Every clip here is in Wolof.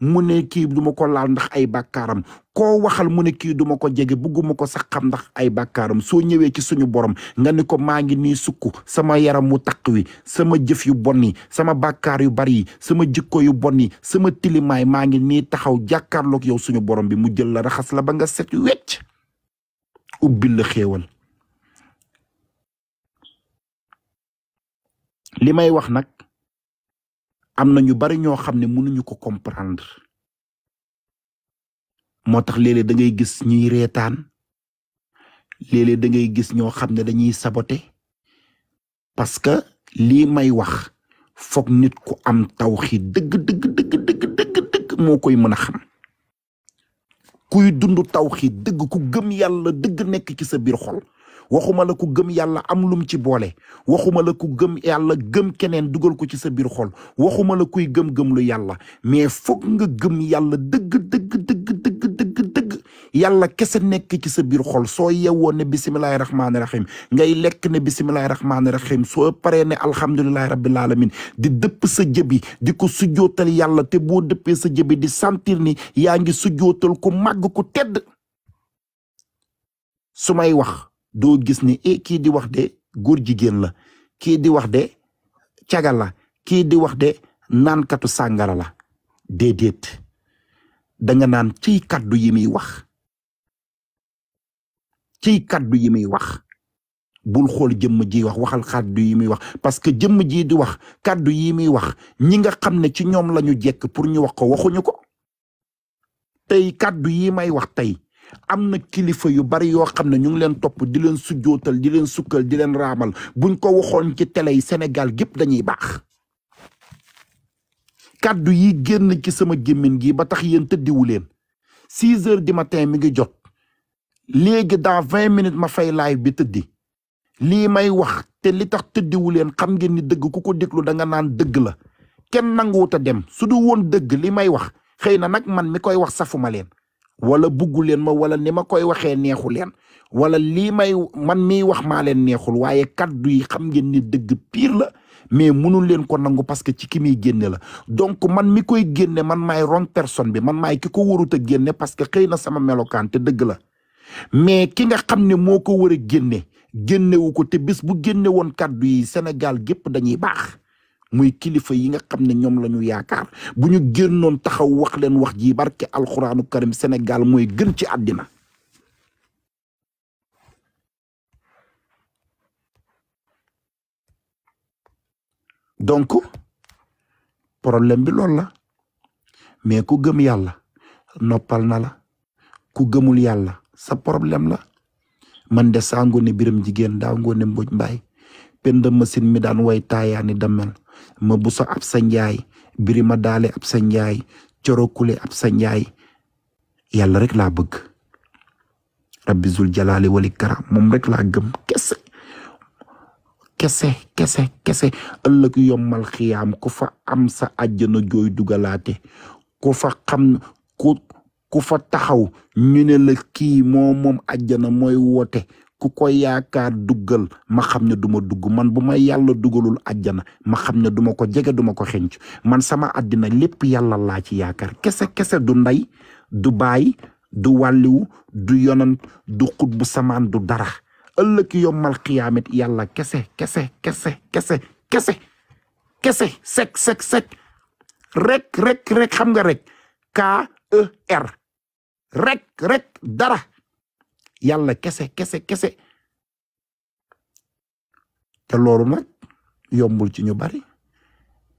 mu ne kii du ma ko laal ndax ay bàkkaaram koo waxal mu ne kii du ma ko jege bugguma ko sax xam ndax ay bàkkaaram soo ñëwee ci suñu borom nga ni ko maa ngi nii sukk sama yaram wu taq wi sama jëf yu bon yi sama bàkkaar yu bari sama jikko yu bon yi sama tilimaay maa ngi nii taxaw jàkkaarloog yow suñu borom bi mu jël la raxas la ba nga set wecc ubbil la xéewal li may wax nag am na ñu bari ñoo xam ne mënuñu ko comprendre moo tax léeg-léeg da gis ñuy reetaan léeg-léeg da gis ñoo xam ne dañuy saboter parce que lii may wax foog nit ku am tawxiid dëgg dëgg dëgg dëgg dëgg dëgg moo koy mën a xam kuy dund tawxiid dëgg ku gëm yàlla dëgg nekk ci sa biir xol waxuma la ku gëm yàlla am lum ci boole waxuma la ku gëm yàlla gëm keneen dugal ko ci sa biir xol waxuma la kuy gëm-gëm lu yàlla mais foog nga gëm yàlla dëgg dëgg dëgg dëgg dëgg dëgg kese nekk ci sa biir xol soo yewwoon ne bisimilahi rahmaani rahim ngay lekk ne bisimilahi rahmaani rahim soo paree ne alhamdulilahi rabbil alamin di dëpp sa jëbi di ko sujjootal yàlla te boo dëppee sa jëbi di sentir ni yaa ngi sujjootal ku màgg ku tedd su may wax doo gis ne e eh, kii di wax de góor jigéen la kii di wax de caga la kii di wax de naankatu sàngara la déedéet danga naan ciy kàddu yi muy wax ciy kàddu yi muy wax bul xool jëmm ji wax waxal kàddu yi muy wax parce que jëmm ji di wax kàddu yi muy wax ñi nga xam ne ci ñoom lañu jekk pour ñu wax ko waxuñu ko tey kàddu yi may wax tey am na kilifa yu bari yoo xam ne ñu ngi leen topp di leen sujjootal di leen sukkal di leen raamal bu buñ ko waxoon ci télé senegal Sénégal gépp dañuy baax kàddu yi génn ci sama gémmiñ gi ba tax yéen tëddiwu leen six heures du matin mi ngi jot léegi dans vingt minutes ma fay live bi tëddi lii may wax te li tax tëddiwu leen xam ngeen ni dëgg ku ko déglu da nga naan dëgg la kenn nanguwut a dem su du woon dëgg li may wax xëy na nag man mi koy wax safuma leen wala buggu leen ma wala ne ma koy waxee neexu leen wala lii may man miy wax maa leen neexul waaye kaddu yi xam ngeen ni dëgg piir la mais munul leen ko nangu parce que ci ki mi génne la donc man mi koy génne man may ron personne bi man maay ki ko warut a génne parce que xëy na sama melokaan te dëgg la mais ki nga xam ne moo ko war a génne génnewu ko te bis bu génne woon kaddu yi Sénégal gépp dañuy baax muy kilifa yi nga xam ne ñoom la ñu yaakaar bu ñu génnoon taxaw wax leen wax ji barke alxuraanu karim Sénégal mooy gën ci àddina donc problème bi lool la mais ku gëm yàlla noppal na la ku gëmul yàlla sa problème la man de saa ngoone biram jigéen daa ngoone mboj mbaay penda masin mi daan way taayaani damel ma buso ab sa njaay birima daale ab sa njaay corokule ab sa njaay yàlla rekk laa bëgg rabbi zul jalaali wali karam moom rek laa gëm kese kese kese kese ëllëg yommal xiyaam ku fa am sa àjjana jooy dugalaate ku fa ku ku taxaw ñu ne la kii moo moom àjjana mooy woote ku ko yaakaar duggal ma xam ne duma dugg man bu ma yàlla dugalul àjjana ma xam ne duma ko jege duma ko xenc man sama àddina lépp yàlla laa ci yaakaar kese kese du ndey du baay du wàlliwu du yonan du xut bu samaan du dara ëllëg yommal xiyaamet yàlla kese kese kese kese kese kese sek sek sek rek rek rek xam nga rek K E R rek rek dara yàlla kese kese kese te loolu nag yombul ci ñu bari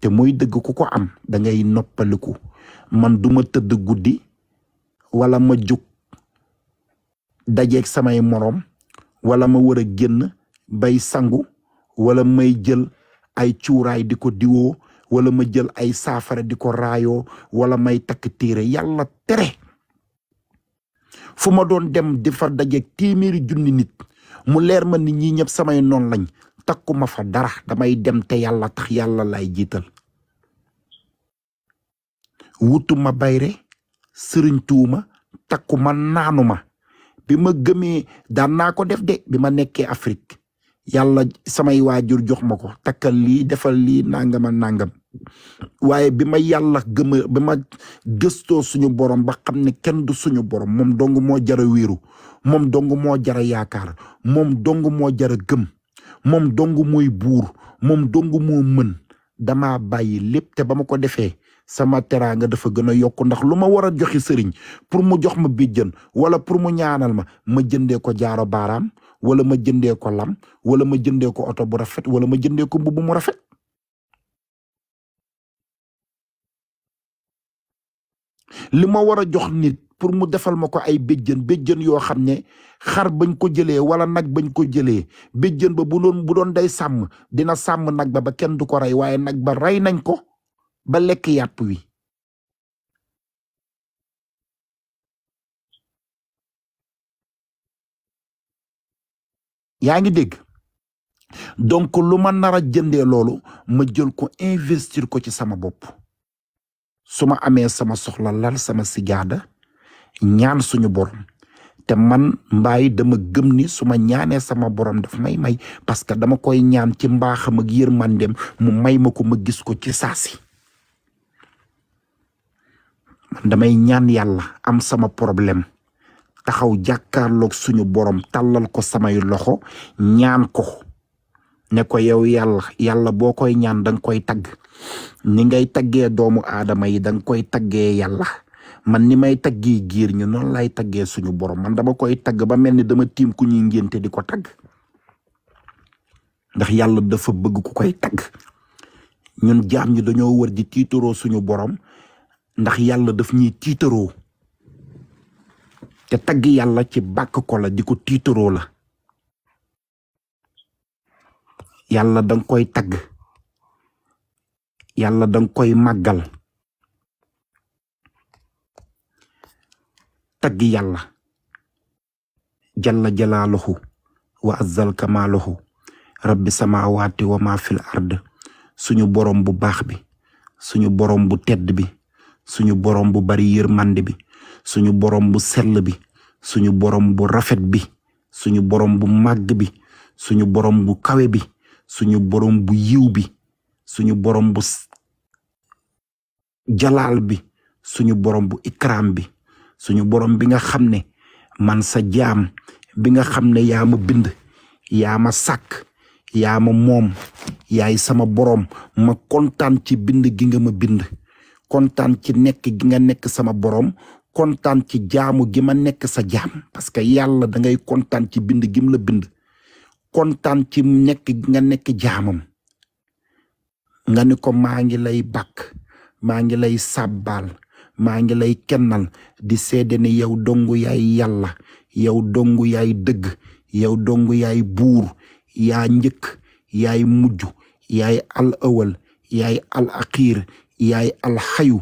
te muy dëgg ku ko am da ngay noppaliku man duma tëdd guddi wala ma jóg dajeek samay moroom wala ma war a génn bay sangu wala may jël ay cuuraay di ko diwoo wala ma jël ay saafara di ko raayoo wala may takk téere yàlla tere fu ma doon dem di fa dajeeg téeméeri junni nit mu leer ma nit ñi ñëpp samay noon lañ takkuma fa dara damay dem te yàlla tax yàlla lay jiital wutuma bayre sëriñ tuuma takku ma naanu ma bi ma gëmee daan naa ko def de bi ma nekkee Afrique yàlla samay waajur jox ma ko takkal lii defal lii nangama nangam waaye bi ma yàlla gëma bi ma gëstoo suñu borom ba xam ne kenn du suñu borom moom dong moo jara wiiru moom dong moo jara yaakaar moom dong moo jara gëm moom dong mooy buur moom dong moo mën dama bàyyi lépp te ba ma ko defee sama teraanga dafa gën a yokk ndax lu ma war a joxi sëriñ pour mu jox ma bijjën wala pour mu ñaanal ma ma jëndee ko jaaro baaraam wala ma jëndee ko lam wala ma jëndee ko oto bu rafet wala ma jëndee ko mbubb mu rafet li ma war a jox nit pour mu defal ma ko ay béjjën béjjën yoo xam ne xar bañ ko jëlee wala nag bañ ko jëlee béjjën ba bu doon bu doon day sàmm dina sàmm nag ba ba kenn du ko rey waaye nag ba rey nañ ko ba lekk yàpp wi yaa ngi dégg donc lu ma nar a jëndee loolu ma jël ko investir ko ci sama bopp su ma amee sama soxla lal sama sigaada ñaan suñu borom te man mbaay dama gëm ni su ma ñaanee sama borom dafa may may parce que dama koy ñaan ci mbaax mbaaxam ak yërmandeem mu may ma ko ma gis ko ci saasi man damay ñaan yàlla am sama problème taxaw jàkkaarloog suñu borom tàllal ko samay loxo ñaan ko ne ko yow yàlla yàlla boo koy ñaan danga koy tagg ni ngay taggee doomu aadama yi danga koy taggee yàlla man ni may taggee giir ñu noon lay taggee suñu borom man dama koy tagg ba mel ni dama tiim ku ñuy ngénte di ko tagg ndax yàlla dafa bëgg ku koy tagg ñun jaam ñi dañoo wër di tiitaroo suñu borom ndax yàlla daf ñuy tiitaroo te tagg yàlla ci bàkk ko la di ko tiitaroo la yàlla danga koy tagg yàlla danga koy màggal tagg yàlla jalla jalaaluhu wa azzal kamaaluhu rabbi samaawaati wa ma fil ard suñu borom bu baax bi suñu borom bu tedd bi suñu borom bu bari yërmande bi suñu borom bu sell bi suñu borom bu rafet bi suñu borom bu màgg bi suñu borom bu kawe bi suñu borom bu yiw bi suñu borom jalaal bi suñu borom bu ikraam bi suñu borom bi nga xam ne man sa jaam bi nga xam ne yaa ma bind yaa ma sàkk yaa ma moom yaay sama borom ma kontaan ci bind gi nga ma bind kontaan ci nekk gi nga nekk sama borom kontaan ci jaamu gi ma nekk sa jaam parce que yàlla da kontaan ci bind gi la bind kontaan ci nekk gi nga nekk jaamam nga ni ko maa ngi lay bakk maa ngi lay sàbbaal maa ngi lay kennal di seede ne yow dongu yaay yàlla yow dongu yaay dëgg yow dongu yaay buur yaa njëkk yaay mujj yaay al awal yaay al axiir yaay al xayu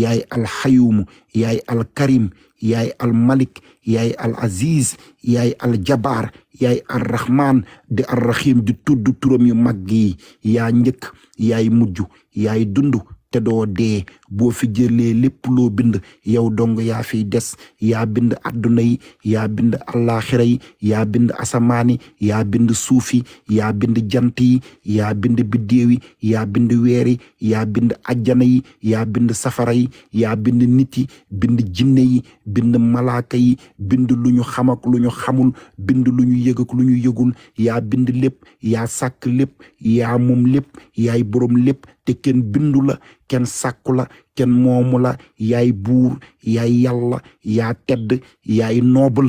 yaay al xayumu yaay al karim yaay al malik yaay al aziz yaay al jabaar yaay ar rahman di ar rahim di tudd turam yu mag yi yaa njëkk yaay mujj yaay dundu te boo fi jëlee lépp loo bind yow dong yaa fiy des ya bind adduna yi ya bind allaaxira yi yaa bind asamaan yi yaa bind suuf yi yaa bind jant yi yaa bind biddéew yi yaa bind weer yi yaa bind ajjana yi yaa bind safara yi yaa bind nit yi bind jinne yi bind malaaka yi bind lu ñu xam lu ñu xamul bind lu ñu yëg lu ñu yëgul yaa bind lépp ya sàkk lépp yaa moom lépp yaay boroom lépp te kenn bindu kenn sàkku la kenn moomu la yaay buur yaay yàlla yaa tedd yay nobul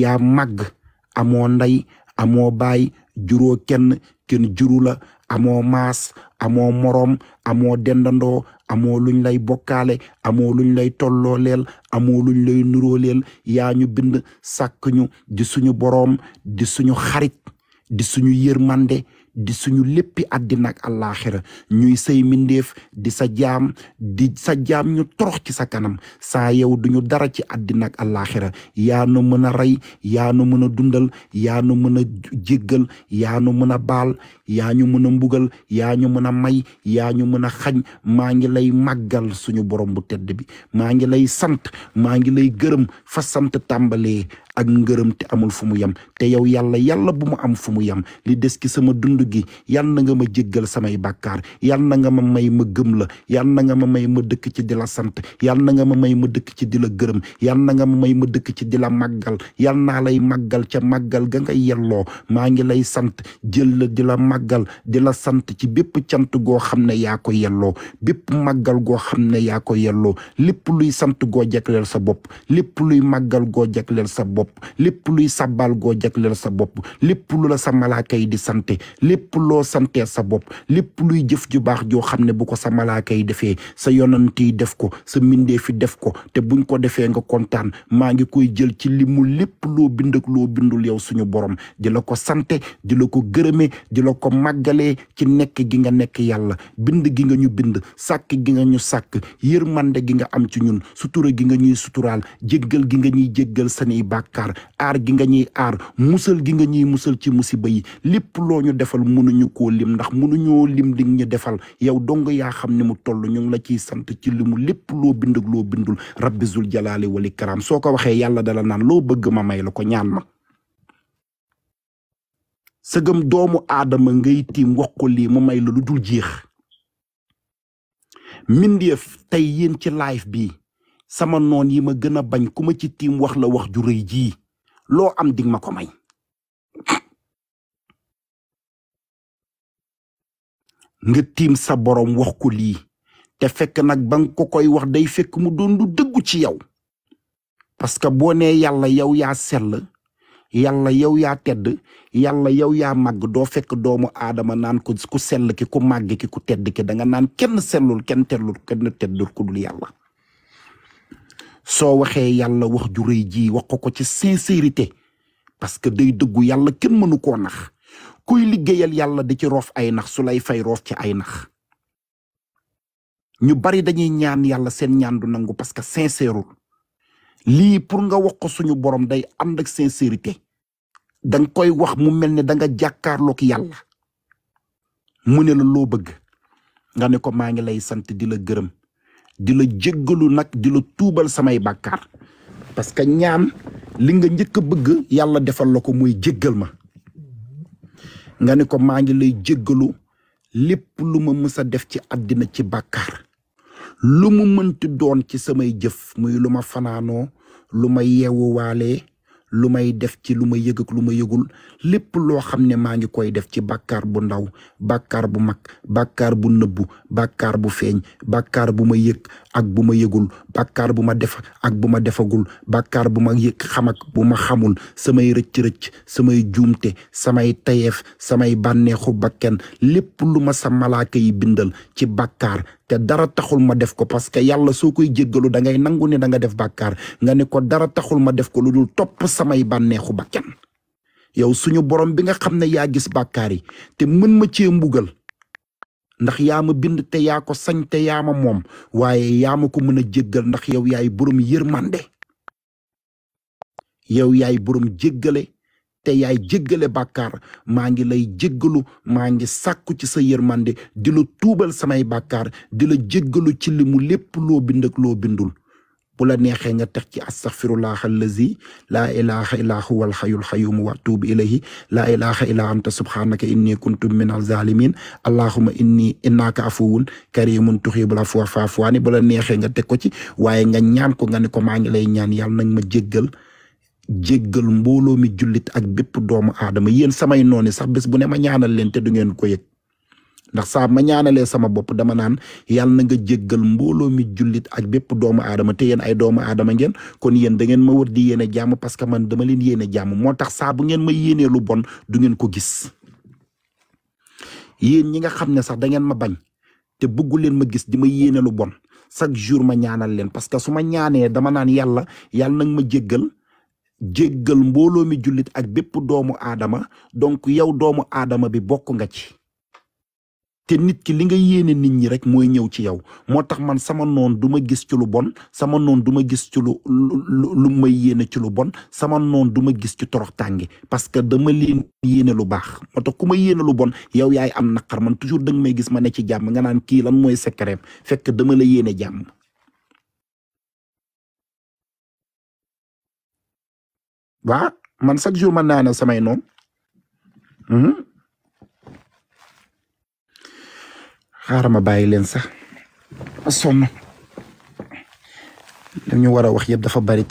yaa màgg amoo ndey amoo baay juróo kenn kenn juru la amoo maas amoo moroom amoo dendandoo amoo luñ lay bokkale amoo luñ lay tolloo leel amoo luñ lay nuroo leel yaa ñu bind sàkk ñu di suñu boroom di suñu xarit di suñu yërmande di suñu lépp àddina ak ñuy say mindeef di sa jaam di sa jaam ñu torox ci sa kanam saa yow duñu dara ci àddina ak àllaaxira yaa nu mën a rey yaa nu mën a dundal yaa nu mën a jéggal yaa nu mën a baal yaa ñu mën a mbugal yaa ñu mën a may yaa ñu mën a xañ maa ngi lay màggal suñu borom bu tedd bi maa ngi lay sant maa ngi lay gërëm fa sant tàmbalee ak ngërëm te amul fu mu yem te yow yàlla yàlla bu mu am fu mu yem li des ki sama dund gi yal na nga ma jéggal samay bàkkaar yal na nga ma may ma gëm la yal na nga ma may ma dëkk ci di la sant yal na nga ma may ma dëkk ci di la gërëm yal na nga ma may ma dëkk ci di la màggal yal naa lay màggal ca màggal ga nga yelloo maa ngi lay sant jël la màggal di la sant ci bépp cant goo xam ne yaa ko yelloo bépp màggal goo xam ne yaa ko yelloo lépp luy sant goo jagleel sa bopp lépp luy màggal goo jagleel sa bopp lépp luy sabbal goo jagleel sa bopp lépp lu la sa malaaka yi di sante lépp loo santee sa bopp lépp luy jëf ju baax joo xam ne bu ko sa malaaka yi defee sa yonant yi def ko sa mbindeefi def ko te buñ ko defee nga kontaan maa ngi koy jël ci limu lépp loo bind ak loo bindul yow suñu borom di la ko sante di la ko gërëme di la ko ko màggalee ci nekk gi nga nekk yàlla bind gi nga ñu bind sàkk gi nga ñu sàkk yërmande gi nga am ci ñun sutura gi nga ñuy suturaal jéggal gi nga ñuy jéggal saniy bàkkaar aar gi nga ñuy aar musal gi nga ñuy musal ci musiba yi lépp loo ñu defal mënuñu ko lim ndax mënuñoo lim li ñu defal yow dong yaa xam ni mu toll ñu la ciy sant ci limu lépp loo bind loo bindul rabbi zul jalaali wal soo ko waxee yàlla dala naan loo bëgg ma may la ko ñaan sëgëm doomu aadama ngay tiim wax ko lii mu may la lu dul jeex mbindeef tey yéen ci live bi sama noon yi ma gën a bañ ku ma ci tiim wax la wax ju rëy jii loo am dig ma ko may nga tiim sa boroom wax ko lii te fekk nag ba ko koy wax day fekk mu doon lu dëggu ci yow parce que boo nee yàlla yow yaa sell yàlla yow yaa tedd yàlla yow yaa màgg doo fekk doomu aadama naan ko ku sell ki ku màgg ki ku tedd ki da nga naan kenn sellul kenn tellul kenn teddul ku dul yàlla soo waxee yàlla wax ju ji wax ko ko ci sincérité parce que day dëggu yàlla kenn mënu ko nax kuy liggéeyal yàlla di ci roof ay nax su lay fay roof ci ay nax ñu bari dañuy ñaan yàlla seen ñaan du nangu parce que sincèreul lii pour nga wax ko suñu borom day ànd ak sincérité danga koy wax mu mel ne danga jàkkaarloog yàlla mu ne la loo bëgg nga ne ko maa ngi lay sant di la gërëm di la jëggalu nag di la tuubal samay bàkkaar parce que ñaan li nga njëkk a bëgg yàlla defal la ko muy jéggal ma nga ne ko maa ngi lay jëggalu lépp lu ma mës a def ci àddina ci bàkkaar lu mu mënti doon ci samay jëf muy lu ma fanaanoo lu may yeewuwaalee lu may def ci lu ma yëg lu ma yëgul lépp loo xam ne maa ngi koy def ci bàkkaar bu ndaw bàkkaar bu mag bàkkaar bu nëbbu bàkkaar bu feeñ bàkkaar bu ma yëg ak bu ma yëgul bàkkaar bu ma def ak bu ma defagul bàkkaar bu ma yëg xam ak bu ma xamul samay rëcc-rëcc samay juumte samay tayeef samay bànneexu bakken lépp lu ma sa malaaka yi bindal ci bakkaar te dara taxul ma def ko parce que yàlla soo koy jéggalu da ngay nangu ne da nga def bàkkaar nga ne ko dara taxul ma def ko lu dul topp samay bànneexu bakken yow suñu borom bi nga xam ne yaa gis bakkaar yi te mën ma cee mbugal ndax yaa ma bind te yaa ko sañ te yaa ma moom waaye yaa ma ko mën a jéggal ndax yow yaay borom yërmande yow yaay borom jéggale te yaay jéggale bàkkaar maa ngi lay jéggalu maa ngi sàkku ci sa yërmande di la tuubal samay bakkar di la jéggalu ci limu mu lépp loo bind ak loo bindul bu la neexee nga teg ci astaghfirullah allazi laa ilaha illa huwa alxayul xayum wa tuub ilayhi laa ilaha illa anta subhanaka inni kuntu min alzalimin allahuma inni innaka afuwun karimun tuxibul afwa faafu ani bu la neexee nga teg ko ci waaye nga ñaan ko nga ne ko maa ngi lay ñaan yàlla nañ ma jéggal jéggal mbooloo mi jullit ak bépp doomu aadama yéen samay nooni sax bés bu ne ma ñaanal leen te du ngeen ko yëg ndax saa ma ñaanalee sama bopp dama naan yàlla na nga jéggal mbooloo mi jullit ak bépp doomu aadama te yéen ay doomu aadama ngeen kon yéen da ma wër di yéene jàmm parce que man dama leen yéene jàmm moo tax saabu bu ma yéenee bon du ngeen ko gis yéen ñi nga xam ne sax da ngeen ma bañ te bëggu leen ma gis di ma yéene bon chaque jour ma ñaanal leen parce que su ma ñaanee dama naan yàlla yàlla nag ma jéggal jéggal mbooloo mi jullit ak bépp doomu aadama donc yow doomu aadama bi bokk nga ci te nit ki li nga yéene nit ñi rek mooy ñëw ci yow moo tax man sama noon du ma gis ci lu bon sama noon duma gis ci lu lu may ci lu bon sama noon du gis ci torox tàngi parce que dama leen yéene lu baax moo tax ku ma yéene lu bon yow yaay am naqar man toujours da may gis ma ne ci jàmm nga naan kii lan mooy secret fekk dama la yéene jàmm waa man chaque jour man naa ne samay noon mhm. xaaral ma bàyyi leen sax a sonn war a wax yëpp dafa bari.